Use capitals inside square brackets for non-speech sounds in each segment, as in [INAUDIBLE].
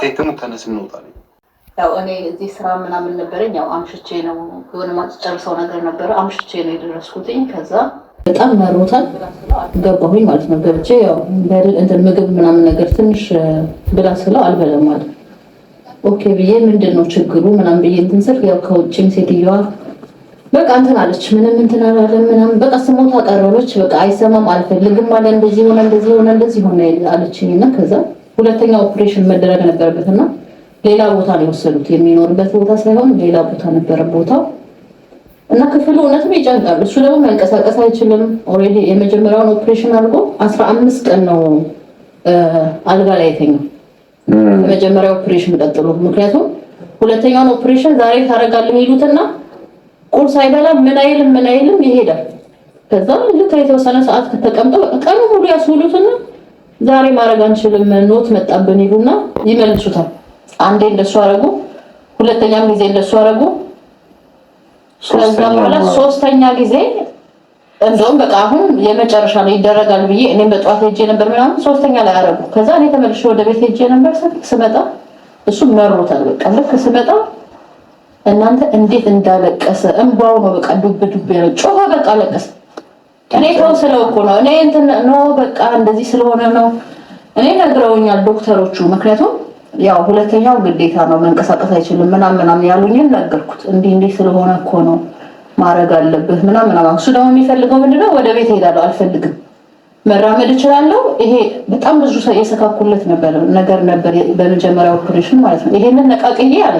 ቴክሙ ተነስ እንወጣለን። ያው እኔ እዚህ ስራ ምናምን ነበረኝ። ያው አምሽቼ ነው የሆነ ማስጨርሰው ነገር ነበረ። አምሽቼ ነው የደረስኩትኝ። ከዛ በጣም መሮታል ገባሁኝ ማለት ነው። ገብቼ ያው እንትን ምግብ ምናምን ነገር ትንሽ ብላ ስለው አልበለም ማለት ኦኬ ብዬ ምንድን ነው ችግሩ ምናምን ብዬ እንትን ስል ያው ከውጭም ሴትዮዋ በቃ እንትን አለች። ምንም እንትን አላለም ምናምን በቃ ስሞታ ቀረበች። በቃ አይሰማም አልፈልግም አለ። እንደዚህ ሆነ እንደዚህ ሆነ እንደዚህ ሆነ አለችኝና ከዛ ሁለተኛ ኦፕሬሽን መደረግ ነበረበት እና ሌላ ቦታ ነው የወሰዱት። የሚኖርበት ቦታ ሳይሆን ሌላ ቦታ ነበረ ቦታው እና ክፍሉ እውነትም ይጨንቃል። እሱ ደግሞ መንቀሳቀስ አይችልም። ኦልሬዲ የመጀመሪያውን ኦፕሬሽን አድርጎ አስራ አምስት ቀን ነው አልጋ ላይ የተኛው ከመጀመሪያ ኦፕሬሽን ቀጥሎ። ምክንያቱም ሁለተኛውን ኦፕሬሽን ዛሬ ታደርጋለህ ይሉትና ቁርስ አይበላ ምን አይልም ይሄዳል። ከዛ ልክ የተወሰነ ሰዓት ከተቀምጠው ቀኑ ሙሉ ያስውሉትና ዛሬ ማድረግ አንችልም፣ ኖት መጣብን ይሉና ይመልሱታል። አንዴ እንደሱ አረጉ፣ ሁለተኛም ጊዜ እንደሱ አረጉ። ከዛ በኋላ ሶስተኛ ጊዜ እንደውም በቃ አሁን የመጨረሻ ነው ይደረጋል ብዬ እኔም በጠዋት ሄጄ ነበር ምናምን፣ ሶስተኛ ላይ አረጉ። ከዛ እኔ ተመልሼ ወደ ቤት ሄጄ ነበር። ስመጣ እሱ መሮታል። በቃ ልክ ስመጣ እናንተ እንዴት እንዳለቀሰ እንባው ነው በቃ ዱብ ዱብ ነው ጮኸ፣ በቃ ለቀሰ። እኔ ተው ስለው እኮ ነው እኔ እንትን ነው በቃ እንደዚህ ስለሆነ ነው እኔ ነግረውኛል ዶክተሮቹ። ምክንያቱም ያው ሁለተኛው ግዴታ ነው መንቀሳቀስ አይችልም ምናምን ምናምን ያሉኝን ነገርኩት። እንዲህ እንዲህ ስለሆነ እኮ ነው ማድረግ አለብህ ምናምን ምናምን። እሱ ደግሞ የሚፈልገው ምንድነው ወደ ቤት እሄዳለሁ፣ አልፈልግም፣ መራመድ እችላለሁ። ይሄ በጣም ብዙ ሰው የሰካኩለት ነበር ነገር ነበር በመጀመሪያ ኦፕሬሽን ማለት ነው። ይሄንን ነቃቅዬ አለ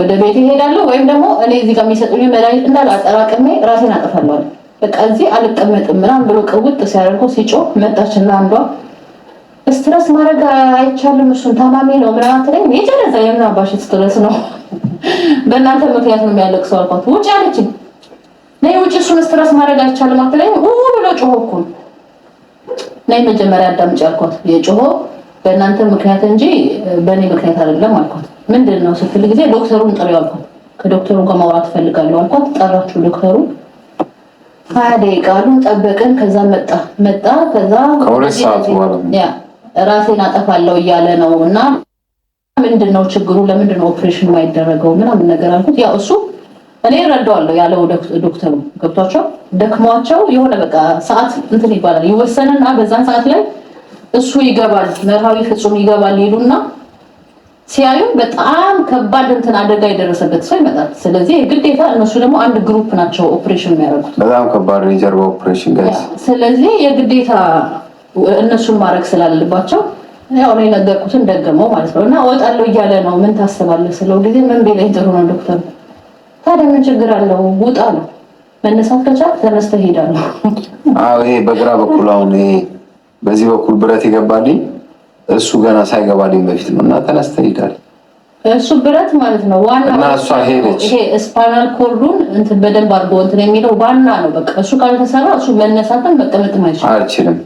ወደ ቤት እሄዳለሁ፣ ወይም ደግሞ እኔ እዚህ ጋር የሚሰጡኝ መድኃኒት እንዳለ አጠራቅሜ ራሴን አጠፋለሁ። በቃ እዚህ አልቀመጥም ምናምን ብሎ ቅውጥ ሲያደርገው ሲጮህ መጣችና አንዷ ስትረስ ማድረግ አይቻልም፣ እሱን ታማሚ ነው ምናምን አትለኝ። የጨረዛ የምን አባሽ ስትረስ ነው በእናንተ ምክንያት ነው የሚያለቅ ሰው አልኳት። ውጭ አለችኝ። ነይ ውጭ፣ እሱን ስትረስ ማድረግ አይቻልም አትለኝ። ው ብሎ ጮሆኩኝ። ነይ መጀመሪያ አዳምጪ አልኳት። የጮሆ በእናንተ ምክንያት እንጂ በእኔ ምክንያት አይደለም አልኳት። ምንድን ነው ስትል ጊዜ ዶክተሩን ጥሪ አልኳት። ከዶክተሩ ጋር ማውራት እፈልጋለሁ አልኳት። ጠራችሁ ዶክተሩ ሀያ ደቂቃ አሉ ጠበቅን። ከዛ መጣ መጣ ከዛ ከሁለት ሰዓት ራሴን አጠፋለሁ እያለ ነው እና ምንድን ነው ችግሩ? ለምንድን ነው ኦፕሬሽን የማይደረገው? ምናምን ነገር አልኩት። ያው እሱ እኔ እረዳዋለሁ ያለው ዶክተሩ ገብቷቸው ደክሟቸው የሆነ በቃ ሰዓት እንትን ይባላል ይወሰንና በዛን ሰዓት ላይ እሱ ይገባል መርሃዊ ፍጹም ይገባል ይሉና ሲያዩ በጣም ከባድ እንትን አደጋ የደረሰበት ሰው ይመጣል። ስለዚህ ግዴታ እነሱ ደግሞ አንድ ግሩፕ ናቸው ኦፕሬሽን የሚያደርጉት በጣም ከባድ ነው የጀርባ ኦፕሬሽን። ስለዚህ የግዴታ እነሱን ማድረግ ስላለባቸው ያው ነው የነገርኩትን ደገመው ማለት ነው። እና እወጣለሁ እያለ ነው። ምን ታስባለህ ስለው ጊዜ ምን ቢለኝ ጥሩ ነው ዶክተር፣ ታዲያ ምን ችግር አለው ውጣ ነው መነሳት ከቻልክ ተነስተ ሄዳለሁ። ይሄ በግራ በኩል አሁን በዚህ በኩል ብረት ይገባልኝ እሱ ገና ሳይገባልኝ በፊት ነው እና ተነስተ ሄዳል። እሱ ብረት ማለት ነው ዋና እና እሷ ሄደች። ይሄ ስፓይናል ኮርዱን እንትን በደንብ አድርጎ እንትን የሚለው ዋና ነው። በቃ እሱ ካልተሰራ እሱ መነሳትን መቀመጥም አይችልም።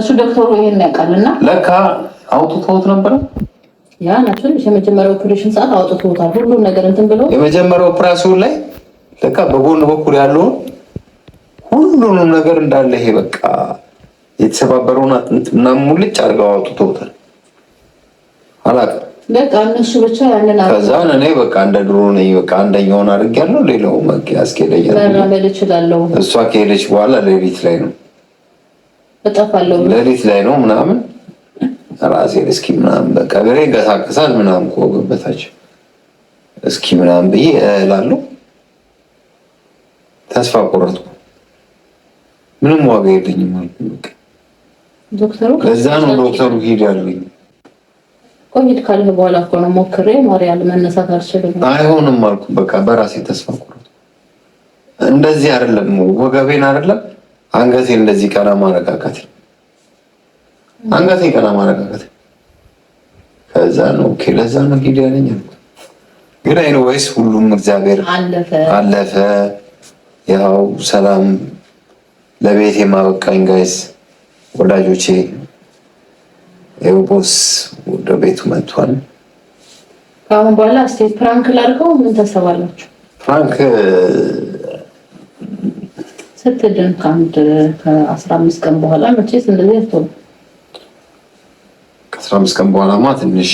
እሱ ዶክተሩ ይሄን ያውቃል። እና ለካ አውጥቶት ነበረ ያ ናቸው የመጀመሪያ ኦፕሬሽን ሰዓት አውጥተውታል። ሁሉም ነገር እንትን ብሎ የመጀመሪያ ኦፕራሲዮን ላይ ለካ በጎን በኩል ያለውን ሁሉንም ነገር እንዳለ ይሄ በቃ የተሰባበረውን አጥንት ምናምን ሙልጭ አድርገው አውጥተውታል። አላውቅም። በቃ እነሱ ብቻ ያንን ከዛን እኔ በቃ እንደ ድሮ ነኝ። በቃ አንደኛውን አድርጌያለሁ። ሌላው በቃ ያስኬደኛል። እሷ ከሄደች በኋላ ሌሊት ላይ ነው እጠፋለሁ፣ ሌሊት ላይ ነው ምናምን ራሴ እስኪ ምናምን በቃ ብሬ ይንቀሳቀሳል ምናምን ከወገበታች እስኪ ምናምን ብዬ እላለሁ። ተስፋ ቆረጥኩ። ምንም ዋጋ የለኝም አልኩኝ በቃ ዶክተሩ ከዛ ነው ዶክተሩ ሂድ ያለኝ። ቆይት ካልህ በኋላ እኮ ነው ሞክሬ ማርያም መነሳት አልችልም አይሆንም አልኩ። በቃ በራሴ ተስፋ ቁረጥ። እንደዚህ አይደለም ወገቤን አይደለም አንገቴን እንደዚህ ቀና ማረጋጋት፣ ቀና ማረጋጋት። ከዛ ነው ኦኬ፣ ለዛ ነው ሂድ ያለኝ አልኩ። ግን አይ ወይስ ሁሉም እግዚአብሔር አለፈ አለፈ። ያው ሰላም ለቤት ማበቃኝ ጋይስ ወዳጆቼ ይኸው ወደ ቤቱ መጥቷል። ከአሁን በኋላ እስቲ ፕራንክ ላድርገው። ምን ታስባላችሁ? ፕራንክ ስትድን ከአንድ ከአስራ አምስት ቀን በኋላ መቼስ እንደዚህ አትሆን። ከአስራ አምስት ቀን በኋላማ ትንሽ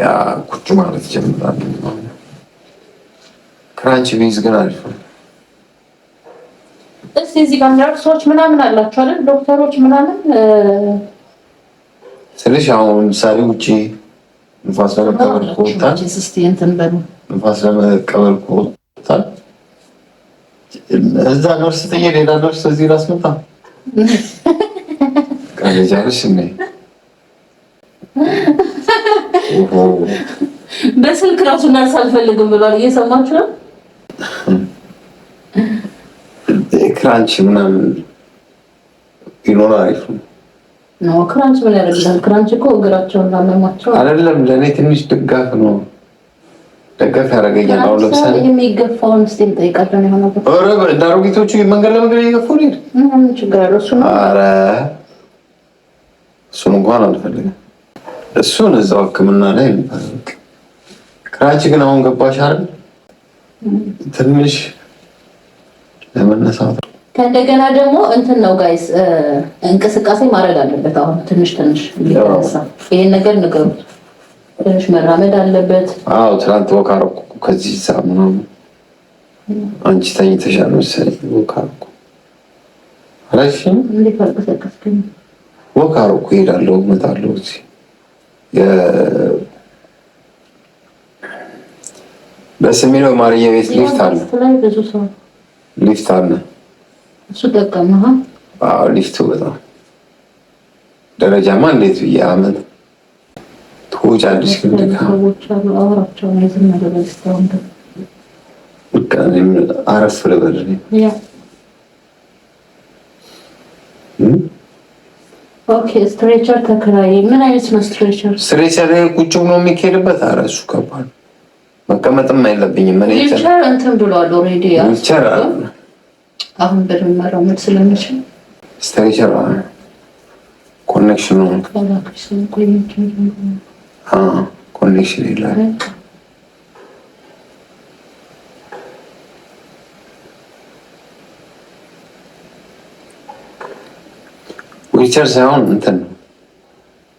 ያ ቁጭ ማለት ጀምራል። ክራንች ቢዝ ግን አሪፍ ነው። እዚህ ጋር የሚያወሩ ሰዎች ምናምን አላቸው አይደል? ዶክተሮች ምናምን ትንሽ አሁን ለምሳሌ ውጭ ንፋስ ለመቀበል ከወጣን ንፋስ ለመቀበል ከወጣን እዛ ነርስ ጥዬ ሌላ ነርስ እዚህ ላስመጣ ቀለጃለሽ እ በስልክ ራሱ ነርስ አልፈልግም ብሏል። እየሰማችሁ ነው ክራንች ምናምን ቢኖር አሪፍ ነው። ክራንች ምን ያደርጋል? ክራንች እኮ እግራቸውን ላመማቸው አይደለም፣ ለእኔ ትንሽ ድጋፍ ነው። ደገፍ ያደርገኛል። አሁን ለምሳሌ የሚገፋውን ስ ጠይቃለን የሆነ ዳሮጌቶቹ መንገድ ለመንገድ እየገፉ ሄድ ችግር አለ። እሱ ነው እሱን እንኳን አልፈልግም። እሱን እዛው ሕክምና ላይ ክራንች ግን አሁን ገባሽ አይደል? ትንሽ ለመነሳት ከእንደገና ደግሞ እንትን ነው ጋይስ፣ እንቅስቃሴ ማድረግ አለበት። አሁን ትንሽ ትንሽ እየተነሳ ይሄን ነገር ንገሩ። ትንሽ መራመድ አለበት። አዎ ትናንት ወክ አደረኩ ከዚህ ሰዓት ምናምን። አንቺ ተኝተሻል መሰለኝ። ወክ አደረኩ አላልሽኝ? ወክ አደረኩ እሄዳለሁ፣ እመጣለሁ። እዚህ ደስ የሚለው ማርዬ ቤት ሊፍት አለ፣ ሊፍት አለ እሱ ጠቀመህ? አዎ ሊፍቱ በጣም ደረጃማ እንዴት ብዬ አመት አረፍ ልበል ስትሬቸር ተከራይ ምን አይነት ነው ስትሬቸር ስትሬቸር ቁጭ ብሎ የሚካሄድበት ኧረ እሱ ከባድ መቀመጥም አይለብኝም እንትን ብሏል ኦልሬዲ አሁን በደንብ መራመድ ስለምችል ስተሪቸር ኮኔክሽኑ ኮኔክሽን የለም። ዊልቸር ሳይሆን እንትን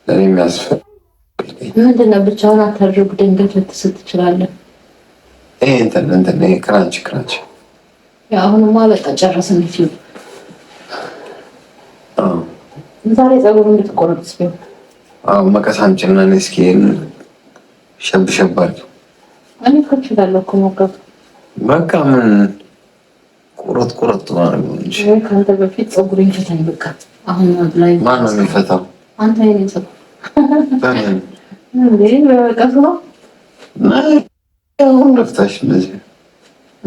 ለኔ የሚያስፈልገኝ ምንድን ነው? ብቻውን አታድርጉ። ድንገት ልትስት ትችላለህ። ይሄ እንትን እንትን ክራንች ክራንች አሁንማ በቃ ጨረስን። ዛሬ ፀጉር እንድትቆረጥ መቀስ አምጪና እስኪ ሸብ ሸብ እኔ እኮ እችላለሁ እኮ መውጋቱ። በቃ ምን ቁረጥ ቁረጥ ማለት ነው እንጂ ከአንተ በፊት ፀጉሬን ፈታኝ። በቃ አሁን ላይ ነው የሚፈታው? አንተ የእኔን ፀጉር እንደ በመቀስ ነው አሁን ለፍታሽ እንደዚህ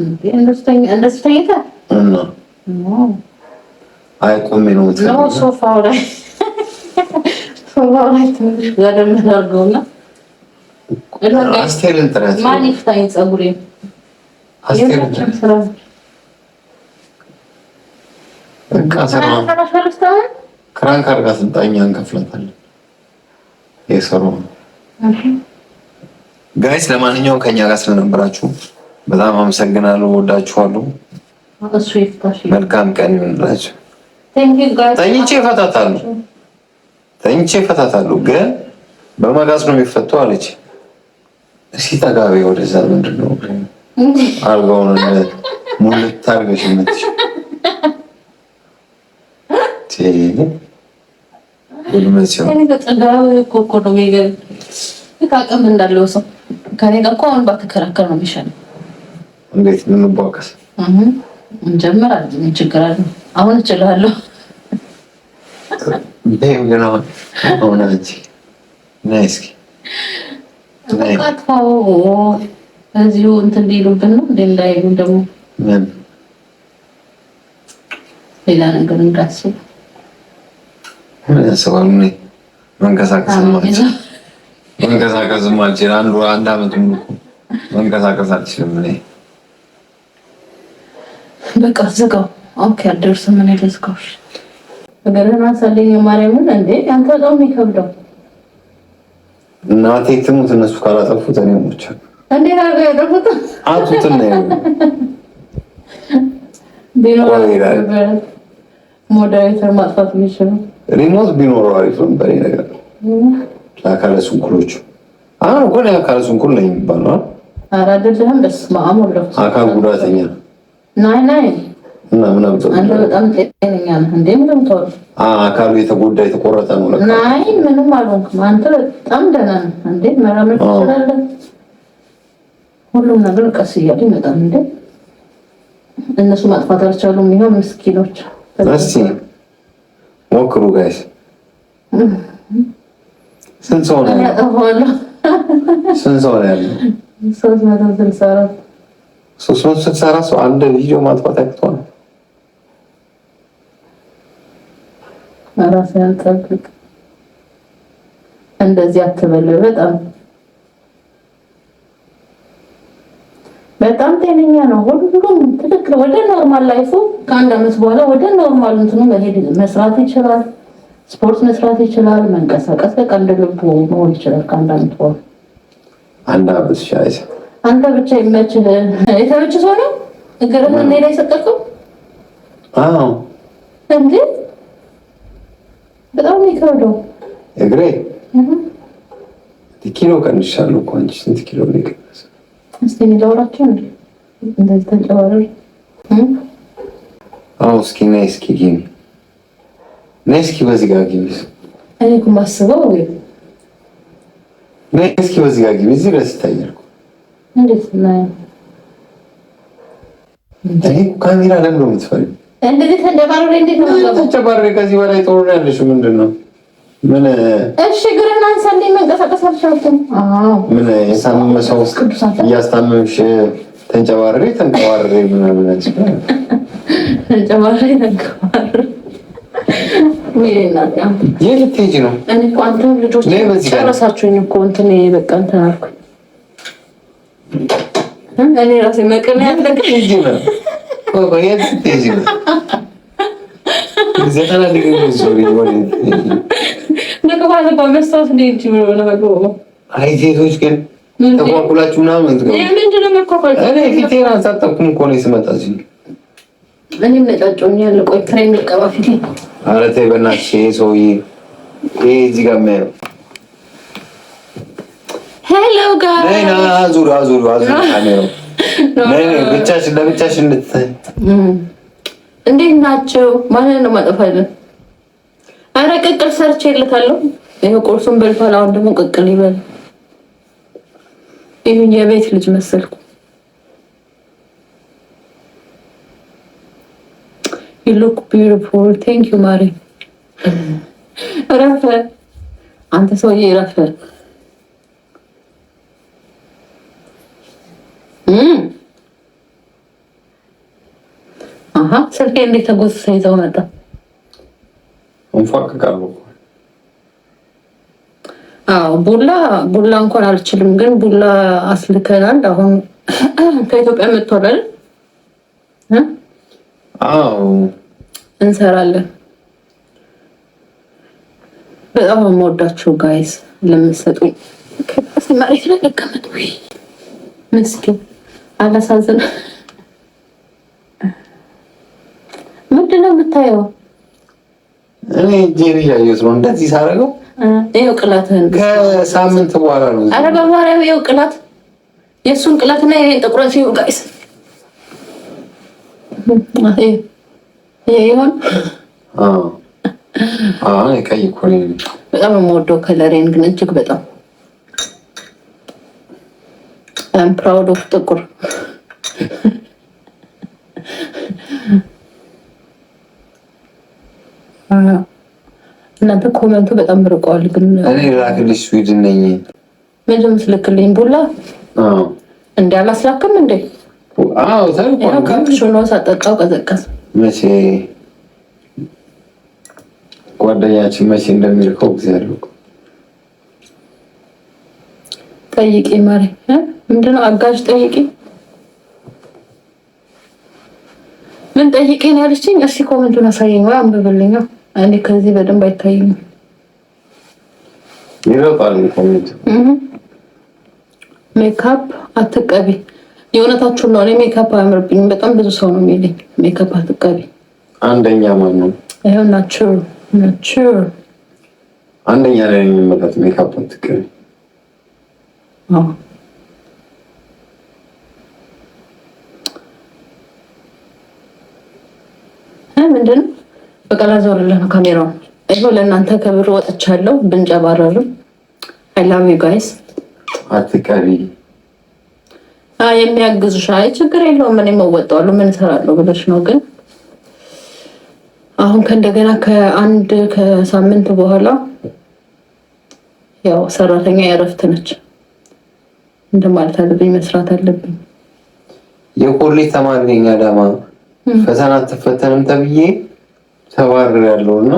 እንደሱ ተኝተህ አይ ቆሜ ነው ሶፋው ላይ ሶፋው ላይ ትንሽ ገደም አድርገውና አስቴርን ጥረት ማን ይፍታኝ ፀጉሬን ክራንክ አድርጋ ስልጣኛ እንከፍላታለን። የሰሩ ጋይስ፣ ለማንኛውም ከኛ ጋር ስለነበራችሁ በጣም አመሰግናለሁ። ወዳችኋለሁ። መልካም ቀን ይሁንላችሁ። ተኝቼ እፈታታለሁ፣ ተኝቼ እፈታታለሁ፣ ግን በመጋዝ ነው የሚፈቱ አለች። እስኪ ጠጋቤ ወደዛ ምንድን ነው አልጋውን ሙልት ታርገሽ ምትሽ ጉልመሲሆን አቅም እንዳለው ሰው ከኔ ጋር እኮ አሁን ባትከራከር ነው የሚሻለው። እንዴት እንቧቀስ? እንጀምራለን። ችግር አለ? አሁን እችላለሁ። አጥፋው እዚሁ እንትን ሊሉብን ነው እንደላይ ደግሞ ሌላ ነገር እንዳስብ መንቀሳቀስ መንቀሳቀስ አንድ አመት መንቀሳቀስ አልችልም። በቃ ዝጋው። ኦኬ አልደርስም። ምን ይለዝጋው? ነገርህን አሳለኝ። የማርያምን እንዴ አንተ በጣም ይከብዳው። እናቴ ትሙት እነሱ ካላጠፉት እኔ ሞቸ እንዴ አድርገው ያጠፉት አጡትና ሞዴሬተር ማጥፋት የሚችሉ ሪሞት ቢኖረው አሪፍ ነው። ነገር አካለ ስንኩሎች አሁን እኮ አካለ ስንኩል ነው የሚባለው። ኧረ በስመ አብ አካል ጉዳተኛ ናይ ናይ በጣም ምንም አካሉ የተጎዳ የተቆረጠ ነው ናይ ምንም አልሆንክም። አንተ በጣም ደህና ነህ እንዴ? መራመድ ትችላለህ። ሁሉም ነገር ቀስ እያለ ይመጣል እንዴ። እነሱ ማጥፋት አልቻሉም። ምስኪኖች። እስቲ ሞክሩ ጋይስ። ስንት ሰው ነው ያለው? ስንት ሰው ነው ያለው? መቶ ስልሳ አራት ሶስት መቶ ስልሳ አራት አንድ ቪዲዮ ማጥፋት ያቅቶ ነው። ራስ ያንጠብቅ። እንደዚህ አትበል። በጣም በጣም ጤነኛ ነው። ሁሉም ትክክል ወደ ኖርማል ላይፉ ከአንድ አመት በኋላ ወደ ኖርማል እንትኑ መሄድ መስራት ይችላል። ስፖርት መስራት ይችላል። መንቀሳቀስ በቃ እንደ ልቡ መሆን ይችላል ከአንድ አመት በኋላ አንድ አመት አንተ ብቻ ይመችህ። የተመችህ ሰው ነው። እግር እኔ ላይ ሰጠቀው። አዎ እንዴ! በጣም ይከብደው እግሬ ኪሎ ቀንሻለሁ እኮ አንቺ ስንት ኪሎ ነው የቀነሰው? እስቲ እኔ ላውራቸው እንዴ እንደዚህ ተንጨባረር። አዎ እስኪ ነይ እስኪ ጊሚ ነይ እስኪ በዚህ ጋር ጊሚ። እኔ እኮ ነይ እስኪ በዚህ ጋር ጊሚ እዚህ ረስታኛል እኮ እንዴት ካሜራ ለምን ነው የምትፈልጊው? እንደዚህ ከዚህ በላይ ጥሩ ነው ያለሽ ምንድን ነው? ምን እሺ፣ እግርህን አንሳልኝ። መንቀሳቀስ አልቻልኩም። ምን የሳመመ ሰው እያስታመምሽ ተንጨባሪ ተንከባሪ ምናምን ተንጨባሪ ተንከባሪ ነው? እኔ እኮ አንተም ልጆች ጨረሳችሁኝ እኮ እንትን በቃ እንትን አልኩኝ እኔ ራሴ መቀመያ እኔም ነጫጮኛል። ቆይ ክሬም ልቀባ ፊቴ። ኧረ ተይ በእናትሽ ይሄ ሰውዬ ይሄ እዚህ ጋር የሚያየው ሄሎ ጋይስ አዙሩ አዙሩ አዙሩ ካሜራው ነይ ነይ ብቻሽ እንድትታይ እንዴት ናቸው ማንን ነው ማጠፋለን አረ ቅቅል ሰርቼ እልካለሁ ይሄ ቁርሱን በልቷል አሁን ደግሞ ቅቅል ይበል ይሁን የቤት ልጅ መሰልኩ you look beautiful thank you ማሪ [LAUGHS] ረፈ አንተ ሰውዬ ረፈ ስልኬ እንዴት ተጎትቶ ይዘው መጣ። አዎ ቡላ ቡላ እንኳን አልችልም፣ ግን ቡላ አስልከናል። አሁን ከኢትዮጵያ መጥቷል። አዎ እንሰራለን። በጣም የምወዳችሁ ጋይስ ለምትሰጡኝ መሬት ላይ ለቀመጥ ምስኪን አላሳዝን ምንድን ነው የምታየው? እኔ ጄሪ ያየሁት ነው እንደዚህ ሳደርገው ይኸው ቅላትህን ከሳምንት በኋላ ነው። ኧረ በማርያም ይኸው ቅላት የእሱን ቅላትና የኔን ጥቁረት ሲሆን ጋይስ ይሆን በጣም የምወደው ከለሬን ግን እጅግ በጣም ፕራውድ ኦፍ ጥቁር እናንተ ኮመንቱ በጣም ርቀዋል። ግን እኔ ላክልሽ ስዊድን ነኝ። ምንድን ነው ቡላ እንዲ አላስላክም እንዴ? ካፕሽኖ ሳጠጣው ቀዘቀዝ መቼ ጓደኛችን መቼ እንደሚልከው ጊዜ አለው ጠይቂ ማሪ ምንድነው? አጋዥ ጠይቂ። ምን ጠይቂ ነው ያለችኝ? እሺ ኮመንቱን አሳየኝ ወይ አንብብልኝ። አንዴ ከዚህ በደንብ አይታይም። ይረባል ኮመንት። ሜካፕ አትቀቢ። የእውነታችሁን ነው። እኔ ሜካፕ አያምርብኝም። በጣም ብዙ ሰው ነው የሚልኝ ሜካፕ አትቀቢ። አንደኛ ማነው ነው? ይሄው ናቹር አንደኛ ላይ የሚመጣት ሜካፕ አትቀቢ ምንድን ነው በቃ ላዞርልህ ነው ካሜራውን። ይኸው ለእናንተ ከብር ወጥቻለሁ ብንጨባረርም አይ ላቭ ዩ ጋይስ አትቀሪ የሚያግዙሽ አይ ችግር የለውም እኔ መወጣዋለሁ ምን እሰራለሁ ብለሽ ነው ግን አሁን ከእንደገና ከአንድ ከሳምንት በኋላ ያው ሰራተኛ የእረፍት ነች እንደማለት አለብኝ፣ መስራት አለብኝ። የኮሌጅ ተማሪ ነኝ። አዳማ ፈተና አትፈተንም ተብዬ ያለው እና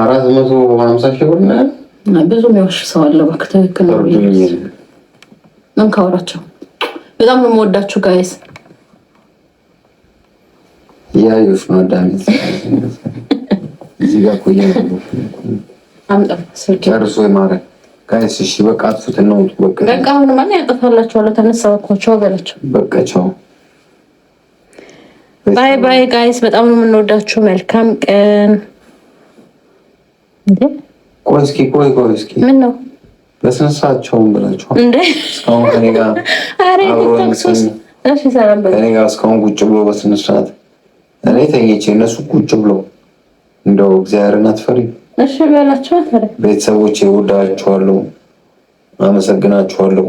አራት መቶ ሀምሳ ሺህ ብር ብዙ የሚዋሽ ሰው አለ። እባክህ ትክክል ነው። እንካወራቸው በጣም ነው የምወዳችሁ ጋይስ። ያዩሽ ነው አዳሚ እዚህ ጋር ቆየ ነው አምጣ ስልክ ጨርሶ የማረ ጋይስ እሺ፣ በቃ አጥፉት ነው በቃ በቃ አሁን ማን ያጠፋላችኋል? ተነሳባችኋቸው በላቸው። በቃ ቻው፣ ባይ ባይ ጋይስ፣ በጣም ነው የምንወዳችሁ። መልካም ቀን። እንዴ ቆይ እስኪ ቆይ ቆይ እስኪ ምን ነው በስነሳቸውም ብላችሁ እንዴ እስካሁን ከእኔ ጋር አሬ ተክሱስ እሺ፣ ሰላም በቃ ከእኔ ጋር እስካሁን ቁጭ ብሎ በስነሳት እኔ ተኝቼ እነሱ ቁጭ ብሎ እንደው እግዚአብሔርን አትፈሪ እሺ በላቸው። ቤተሰቦች እወዳችኋለሁ፣ አመሰግናችኋለሁ።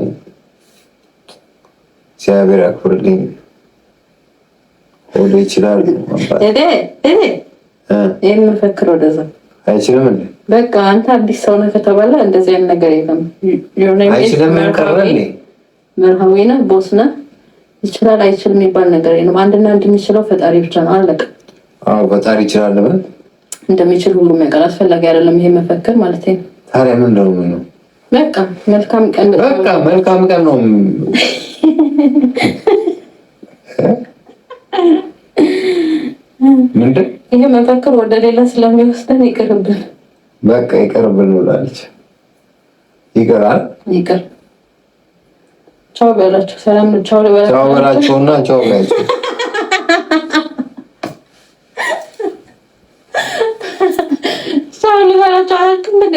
እግዚአብሔር ያክብርልኝ። ሆዶ ይችላል የምንፈክር ወደዛ አይችልም እንዴ? በቃ አንተ አዲስ ሰው ነህ ከተባለ እንደዚህ አይነት ነገር የለም። አይችልም መርሃዊ ነህ፣ ቦስ ነህ። ይችላል አይችልም የሚባል ነገር የለም። አንድና አንድ የሚችለው ፈጣሪ ብቻ ነው። አለቀ። ፈጣሪ ይችላል ብለን እንደሚችል ሁሉም ነገር አስፈላጊ አይደለም። ይሄ መፈክር ማለት ነው። ታዲያ ምን ለሆኑ ነው? በቃ መልካም ቀን፣ በቃ መልካም ቀን ነው። ምንድን ይሄ መፈክር ወደ ሌላ ስለሚወስደን ይቅርብን፣ በቃ ይቅርብን ብላለች። ይቅራል፣ ይቅር ቻው በላቸው። ሰላም ቻው በላቸውና ቻው በላቸው።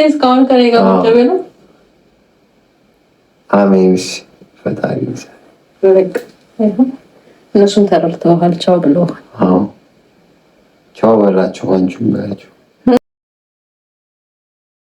ፕሌስ ካውን ከኔ ጋር ወጣ ነው። ፈጣሪ እነሱም ተረድተዋል። ቻው ብለዋል። ቻው በላቸው። አንቺም በያቸው።